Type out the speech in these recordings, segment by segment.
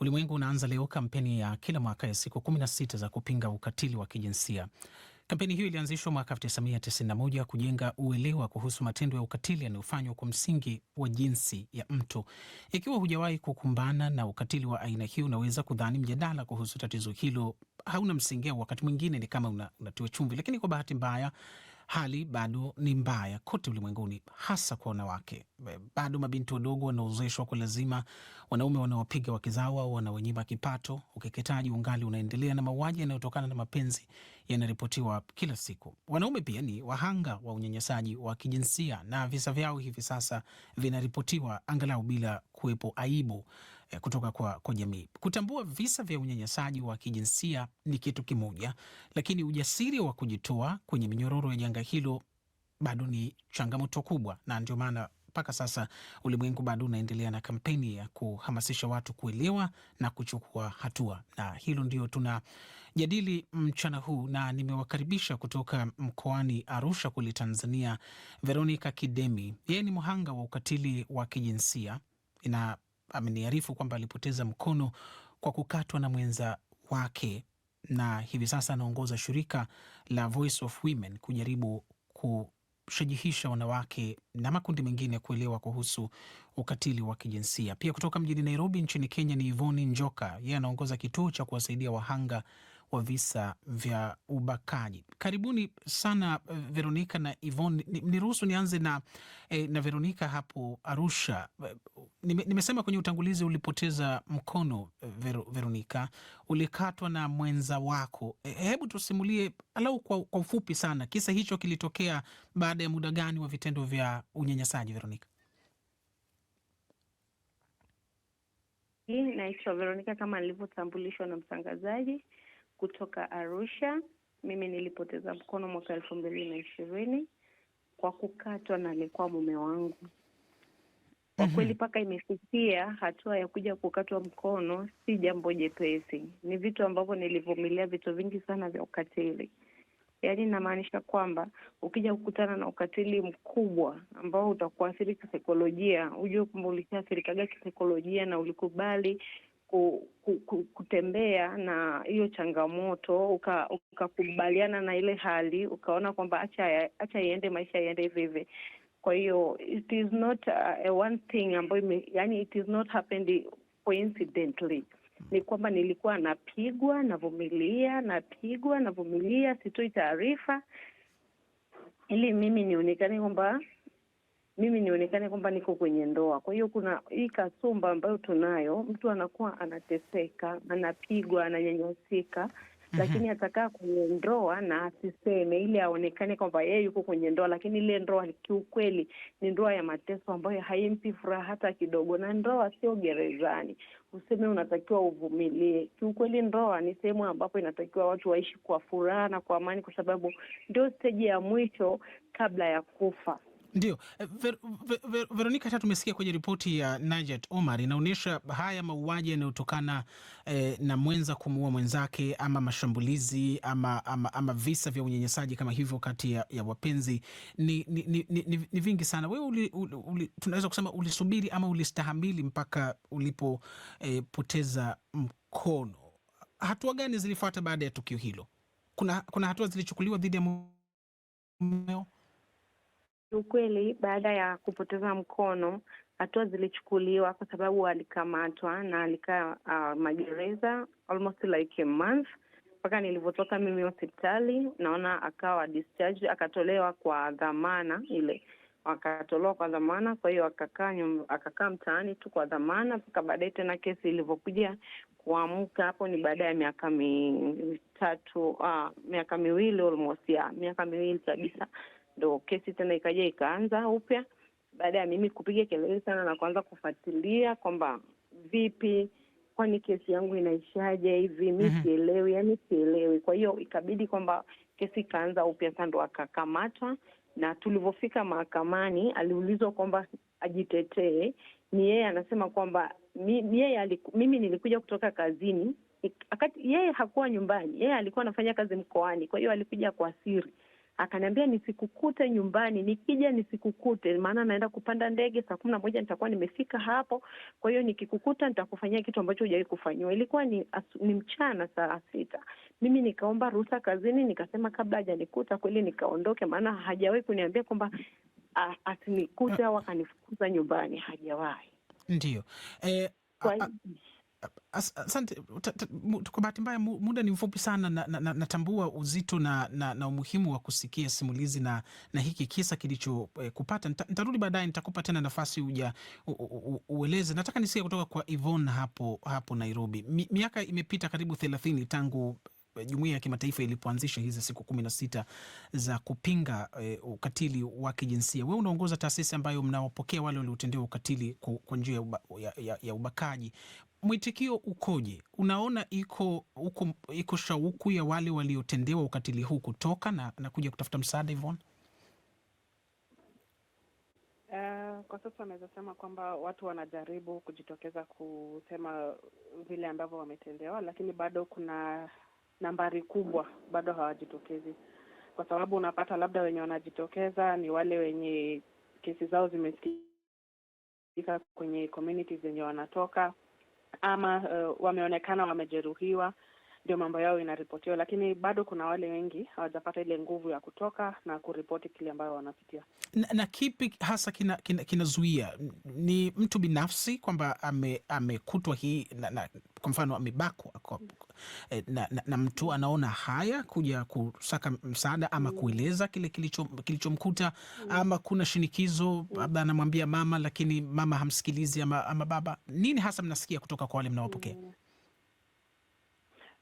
Ulimwengu unaanza leo kampeni ya kila mwaka ya siku 16 za kupinga ukatili wa kijinsia. Kampeni hiyo ilianzishwa mwaka 1991 kujenga uelewa kuhusu matendo ya ukatili yanayofanywa kwa msingi wa jinsi ya mtu. Ikiwa hujawahi kukumbana na ukatili wa aina hiyo, unaweza kudhani mjadala kuhusu tatizo hilo hauna msingi, au wakati mwingine ni kama unatiwa chumvi. Lakini kwa bahati mbaya hali bado ni mbaya kote ulimwenguni, hasa kwa wanawake. Bado mabinti wadogo wanaozeshwa kwa lazima, wanaume wanawapiga wake zao au wanawanyima kipato, ukeketaji ungali unaendelea, na mauaji yanayotokana na mapenzi yanaripotiwa kila siku. Wanaume pia ni wahanga wa unyanyasaji wa kijinsia na visa vyao hivi sasa vinaripotiwa angalau bila kuwepo aibu eh, kutoka kwa, kwa jamii. Kutambua visa vya unyanyasaji wa kijinsia ni kitu kimoja, lakini ujasiri wa kujitoa kwenye minyororo ya janga hilo bado ni changamoto kubwa, na ndio maana mpaka sasa ulimwengu bado unaendelea na kampeni ya kuhamasisha watu kuelewa na kuchukua hatua, na hilo ndio tunajadili mchana huu, na nimewakaribisha kutoka mkoani Arusha kule Tanzania, Veronica Kidemi. Yeye ni mhanga wa ukatili wa kijinsia na ameniarifu kwamba alipoteza mkono kwa kukatwa na mwenza wake, na hivi sasa anaongoza shirika la Voice of Women kujaribu kushajihisha wanawake na makundi mengine kuelewa kuhusu ukatili wa kijinsia. Pia kutoka mjini Nairobi nchini Kenya ni Ivoni Njoka, yeye anaongoza kituo cha kuwasaidia wahanga wa visa vya ubakaji. Karibuni sana eh, Veronika na Yvonne. Niruhusu nianze na, eh, na Veronika hapo Arusha. Eh, nime, nimesema kwenye utangulizi ulipoteza mkono eh, Ver, Veronika, ulikatwa na mwenza wako. Hebu tusimulie alau kwa, kwa ufupi sana kisa hicho kilitokea baada ya muda gani wa vitendo vya unyanyasaji Veronika? Naitwa Veronika kama alivyotambulishwa na mtangazaji kutoka Arusha. Mimi nilipoteza mkono mwaka elfu mbili na ishirini kwa kukatwa na alikuwa mume wangu kwa mm -hmm. Kweli mpaka imefikia hatua ya kuja kukatwa mkono, si jambo jepesi. Ni vitu ambavyo nilivumilia vitu vingi sana vya ukatili, yaani inamaanisha kwamba ukija kukutana na ukatili mkubwa ambao utakuathiri kisaikolojia, ujue kwamba ulishaathirikaga kisaikolojia na ulikubali ku, ku, ku, kutembea na hiyo changamoto ukakubaliana uka na ile hali ukaona kwamba acha iende maisha iende hivi hivi. Kwa hiyo it is not uh, one thing ambayo yani it is not happened coincidentally ni kwamba nilikuwa napigwa, navumilia, napigwa, navumilia, sitoi taarifa ili mimi nionekane kwamba mimi nionekane kwamba niko kwenye ndoa. Kwa hiyo kuna hii kasumba ambayo tunayo, mtu anakuwa anateseka, anapigwa, ananyanyasika Mm -hmm. Lakini atakaa kwenye ndoa na asiseme, ili aonekane kwamba yeye yuko kwenye ndoa, lakini ile ndoa kiukweli ni ndoa ya mateso ambayo haimpi furaha hata kidogo. Na ndoa sio gerezani useme unatakiwa uvumilie. Kiukweli ndoa ni sehemu ambapo inatakiwa watu waishi kwa furaha na kwa amani, kwa sababu ndio steji ya mwisho kabla ya kufa. Ndio eh, Ver, Ver, Ver, Veronica, hata tumesikia kwenye ripoti ya Najat Omar inaonyesha haya mauaji yanayotokana eh, na mwenza kumuua mwenzake ama mashambulizi ama, ama, ama visa vya unyanyasaji kama hivyo kati ya, ya wapenzi ni, ni, ni, ni, ni vingi sana. Wewe tunaweza kusema ulisubiri ama ulistahamili mpaka ulipopoteza eh, mkono. Hatua gani zilifuata baada ya tukio hilo? Kuna, kuna hatua zilichukuliwa dhidi ya mumeo? kiukweli baada ya kupoteza mkono, hatua zilichukuliwa kwa sababu alikamatwa na alikaa uh, magereza almost like a month mpaka nilivyotoka mimi hospitali, naona akawa discharge, akatolewa kwa dhamana ile, akatolewa kwa dhamana. Kwa hiyo akakaa akakaa mtaani tu kwa dhamana mpaka baadaye tena kesi ilivyokuja kuamka, hapo ni baada ya miaka mitatu, uh, miaka miwili almost, ya miaka miwili kabisa ndo kesi tena ikaja ikaanza upya baada ya mimi kupiga kelele sana na kuanza kufuatilia kwamba vipi, kwani kesi yangu inaishaje hivi, mi mhm. sielewi, yani sielewi. Kwa hiyo ikabidi kwamba kesi ikaanza upya sa ndo akakamatwa, na tulivyofika mahakamani aliulizwa kwamba ajitetee, ni yeye anasema kwamba mi, yeye mimi nilikuja kutoka kazini, yeye hakuwa nyumbani, yeye alikuwa anafanya kazi mkoani, kwa hiyo alikuja kwa siri akaniambia nisikukute nyumbani, nikija nisikukute, maana naenda kupanda ndege saa kumi na moja nitakuwa nimefika hapo. Kwa hiyo nikikukuta nitakufanyia kitu ambacho hujawahi kufanyiwa. Ilikuwa ni, as, ni mchana saa sita. Mimi nikaomba ruhusa kazini, nikasema kabla hajanikuta kweli nikaondoke, maana hajawahi kuniambia kwamba asinikute au akanifukuza nyumbani, hajawahi. Ndio eh, Asante. Kwa bahati mbaya muda ni mfupi sana na, na, natambua uzito na, na, na umuhimu wa kusikia simulizi na, na hiki kisa kilichokupata. Eh, ntarudi baadaye, nitakupa tena nafasi uja u, u, ueleze. Nataka nisikia kutoka kwa Yvonne hapo, hapo Nairobi. Mi, miaka imepita karibu thelathini tangu eh, jumuiya ya kimataifa ilipoanzisha hizi siku kumi na sita za kupinga e, ukatili wa kijinsia. Wewe unaongoza taasisi ambayo mnawapokea wale waliotendewa ukatili kwa njia ya, ya, ya ubakaji mwitikio ukoje? Unaona iko uko, iko shauku ya wale waliotendewa ukatili huu kutoka na, na kuja kutafuta msaada Yvonne? Uh, kwa sasa wanaweza sema kwamba watu wanajaribu kujitokeza kusema vile ambavyo wametendewa, lakini bado kuna nambari kubwa bado hawajitokezi, kwa sababu unapata labda wenye wanajitokeza ni wale wenye kesi zao zimesikika kwenye community zenye wanatoka ama uh, wameonekana wamejeruhiwa ndio mambo yao inaripotiwa, lakini bado kuna wale wengi hawajapata ile nguvu ya kutoka na kuripoti kile ambayo wanapitia. Na, na kipi hasa kinazuia? Kina, kina ni mtu binafsi kwamba amekutwa ame hii na, na, kwa mfano amebakwa eh, na, na, na mtu anaona haya kuja kusaka msaada ama mm. kueleza kile kilichomkuta kilicho, mm. ama kuna shinikizo mm. labda anamwambia mama, lakini mama hamsikilizi ama, ama baba. Nini hasa mnasikia kutoka kwa wale mnawapokea?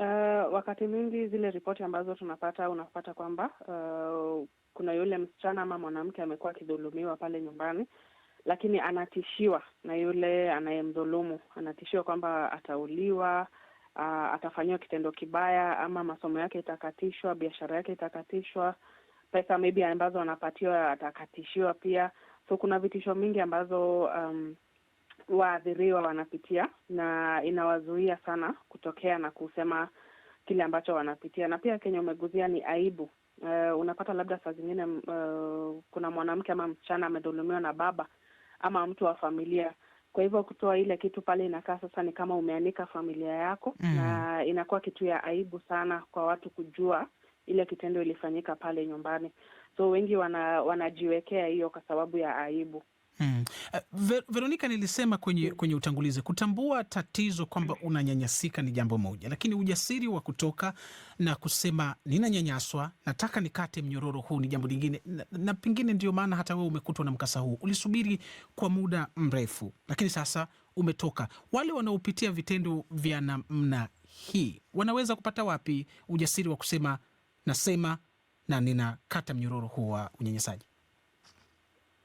Uh, wakati mwingi zile ripoti ambazo tunapata unapata kwamba uh, kuna yule msichana ama mwanamke amekuwa akidhulumiwa pale nyumbani, lakini anatishiwa na yule anayemdhulumu, anatishiwa kwamba atauliwa, uh, atafanyiwa kitendo kibaya, ama masomo yake itakatishwa, biashara yake itakatishwa, pesa maybe ambazo anapatiwa atakatishiwa pia. So kuna vitisho mingi ambazo um, waathiriwa wanapitia na inawazuia sana kutokea na kusema kile ambacho wanapitia. Na pia Kenya umeguzia ni aibu. Uh, unapata labda saa zingine uh, kuna mwanamke ama msichana amedhulumiwa na baba ama mtu wa familia. Kwa hivyo kutoa ile kitu pale inakaa sasa ni kama umeanika familia yako mm. Na inakuwa kitu ya aibu sana kwa watu kujua ile kitendo ilifanyika pale nyumbani, so wengi wana, wanajiwekea hiyo kwa sababu ya aibu. Hmm. Eh, Veronika, nilisema kwenye, kwenye utangulizi kutambua tatizo kwamba unanyanyasika ni jambo moja, lakini ujasiri wa kutoka na kusema ninanyanyaswa, nataka nikate mnyororo huu ni jambo lingine, na, na pengine ndio maana hata wewe umekutwa na mkasa huu, ulisubiri kwa muda mrefu, lakini sasa umetoka. Wale wanaopitia vitendo vya namna hii wanaweza kupata wapi ujasiri wa kusema nasema na ninakata mnyororo huu wa unyanyasaji?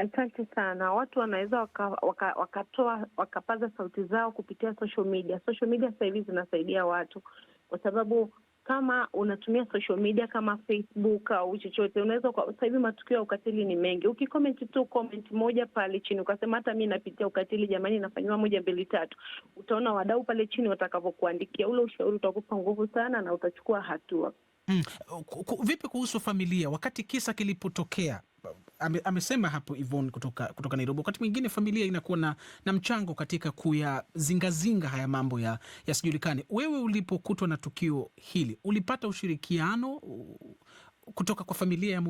Asante sana. Watu wanaweza wakatoa waka, waka wakapaza sauti zao kupitia social media. Social media sasa hivi zinasaidia watu, kwa sababu kama unatumia social media kama Facebook au chochote, unaweza sasa hivi matukio ya ukatili ni mengi. Ukikomenti tu komenti moja pale chini ukasema hata mi napitia ukatili jamani, nafanyiwa moja mbili tatu, utaona wadau pale chini watakavyokuandikia ule ushauri, utakupa nguvu sana na utachukua hatua. Mm. Vipi kuhusu familia wakati kisa kilipotokea? Ame, amesema hapo Yvonne kutoka, kutoka Nairobi, wakati mwingine familia inakuwa na, na mchango katika kuyazingazinga haya mambo ya yasijulikane. Wewe ulipokutwa na tukio hili ulipata ushirikiano kutoka kwa familia ya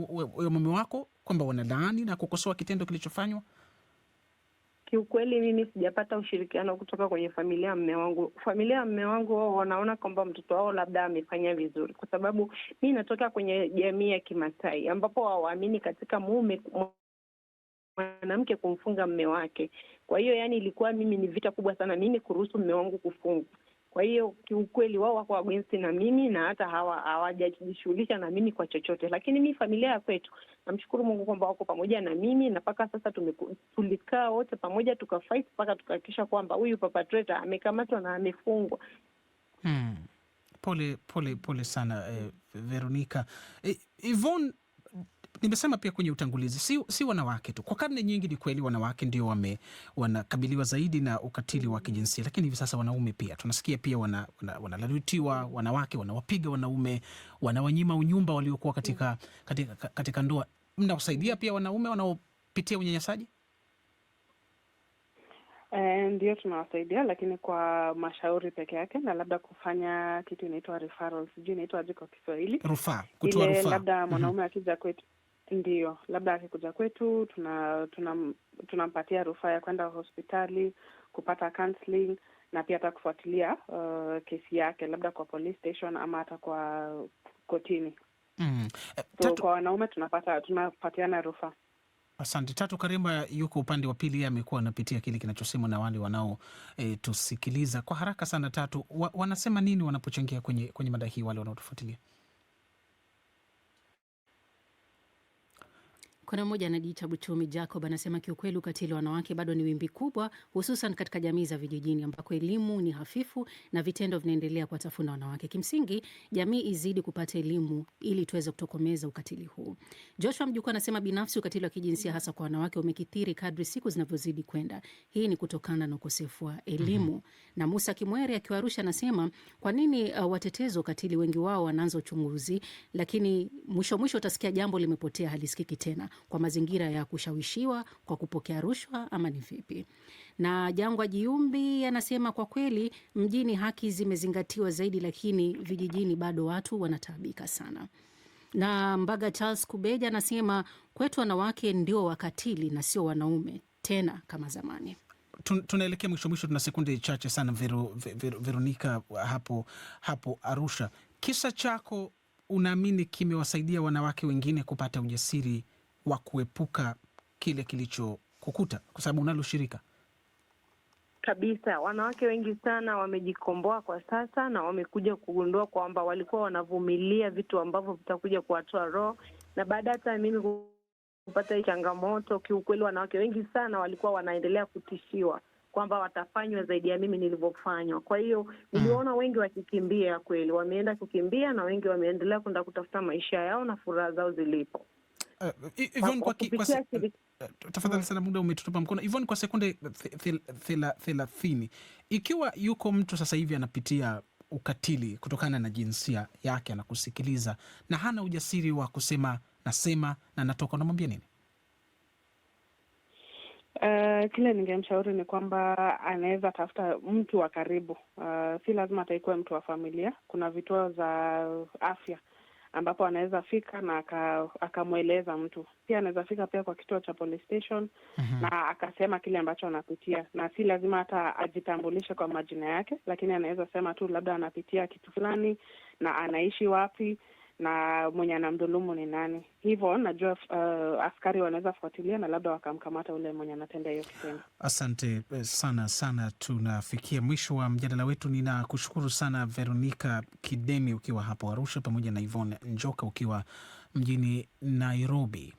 mume wako kwamba wanalaani na kukosoa kitendo kilichofanywa? Kiukweli mimi sijapata ushirikiano kutoka kwenye familia ya mme wangu. Familia ya mme wangu wao wanaona kwamba mtoto wao labda amefanya vizuri, kwa sababu mi inatoka kwenye jamii ya Kimasai ambapo hawaamini katika mume mwanamke kumfunga mme wake. Kwa hiyo, yani, ilikuwa mimi ni vita kubwa sana mimi kuruhusu mme wangu kufungwa. Kwa hiyo kiukweli, wao wako wagensi na mimi na hata hawajajishughulisha na mimi kwa chochote, lakini mi familia ya kwetu namshukuru Mungu kwamba wako pamoja na mimi na mpaka sasa tulikaa wote pamoja tukafight mpaka tukaakisha kwamba huyu papatreta amekamatwa na amefungwa. hmm. Pole pole pole sana eh, Veronica eh, Yvonne, nimesema pia kwenye utangulizi, si, si wanawake tu. Kwa karne nyingi ni kweli wanawake ndio wame, wanakabiliwa zaidi na ukatili wa kijinsia, lakini hivi sasa wanaume pia tunasikia pia wanalalutiwa, wana, wana wanawake wanawapiga wanaume, wanawanyima unyumba waliokuwa katika, katika, katika ndoa. Mnawasaidia pia wanaume wanaopitia unyanyasaji? Eh, ndio tunawasaidia, lakini kwa mashauri peke yake na labda kufanya kitu inaitwa referral, sijui inaitwa aje kwa Kiswahili, rufaa, kutoa rufaa. Labda mhm. mwanaume mm -hmm. akija kwetu Ndiyo, labda akikuja kwetu tuna tunampatia tuna rufaa ya kwenda hospitali kupata counseling na pia hata kufuatilia uh, kesi yake labda kwa police station ama hata kwa kotini. Mm. Eh, so, tatu... kwa wanaume tunapata tunapatiana rufaa. Asante. Tatu Karimba yuko upande wa pili, yeye amekuwa anapitia kile kinachosemwa na wale wanaotusikiliza. Eh, e, kwa haraka sana Tatu wa, wanasema nini wanapochangia kwenye, kwenye mada hii wale wanaotufuatilia? Kuna mmoja anajiita Buchumi Jacob anasema kiukweli, ukatili wa wanawake bado ni wimbi kubwa, hususan katika jamii za vijijini ambako elimu ni hafifu na vitendo vinaendelea kuwatafuna wanawake. Kimsingi jamii izidi kupata elimu ili tuweze kutokomeza ukatili huu. Joshua Mjukuu anasema binafsi, ukatili wa kijinsia hasa kwa wanawake umekithiri kadri siku zinavyozidi kwenda. Hii ni kutokana na ukosefu wa elimu. mm -hmm. Na Musa Kimweri akiwa Arusha anasema kwa nini uh, watetezi wa ukatili wengi wao wanaanza uchunguzi, lakini mwisho mwisho utasikia jambo limepotea, halisikiki tena kwa mazingira ya kushawishiwa kwa kupokea rushwa ama ni vipi? Na Jangwa Jiumbi anasema kwa kweli mjini haki zimezingatiwa zaidi, lakini vijijini bado watu wanataabika sana na Mbaga Charles Kubeja anasema kwetu wanawake ndio wakatili na sio wanaume tena kama zamani. Tunaelekea mwisho mwisho, tuna sekunde chache sana. Vero, Vero, Veronika uh, hapo, hapo Arusha, kisa chako unaamini kimewasaidia wanawake wengine kupata ujasiri wa kuepuka kile kilichokukuta, kwa sababu unalo shirika kabisa. Wanawake wengi sana wamejikomboa kwa sasa na wamekuja kugundua kwamba walikuwa wanavumilia vitu ambavyo vitakuja kuwatoa roho, na baada hata mimi kupata hii changamoto, kiukweli wanawake wengi sana walikuwa wanaendelea kutishiwa kwamba watafanywa zaidi ya mimi nilivyofanywa. Kwa hiyo mm. niliona wengi wakikimbia, kweli wameenda kukimbia, na wengi wameendelea kwenda kutafuta maisha yao na furaha zao zilipo. Eh, eh, Yvonne, kwa eh, tafadhali sana, muda umetutupa mkono. Yvonne, kwa sekunde thelathini, ikiwa yuko mtu sasa hivi anapitia ukatili kutokana na jinsia yake, anakusikiliza na hana ujasiri wa kusema nasema na natoka, unamwambia nini? Uh, kile ningemshauri ni kwamba anaweza tafuta mtu wa karibu. Uh, si lazima ataikuwa mtu wa familia. Kuna vituo za afya ambapo anaweza fika na akamweleza mtu. Pia anaweza fika pia kwa kituo cha police station mm -hmm. na akasema kile ambacho anapitia, na si lazima hata ajitambulishe kwa majina yake, lakini anaweza sema tu labda anapitia kitu fulani na anaishi wapi na mwenye anamdhulumu ni nani. Hivyo najua uh, askari wanaweza fuatilia na labda wakamkamata ule mwenye anatenda hiyo kitendo. Asante eh, sana sana, tunafikia mwisho wa mjadala wetu. Ninakushukuru sana veronika Kidemi ukiwa hapo Arusha, pamoja na ivon Njoka ukiwa mjini Nairobi.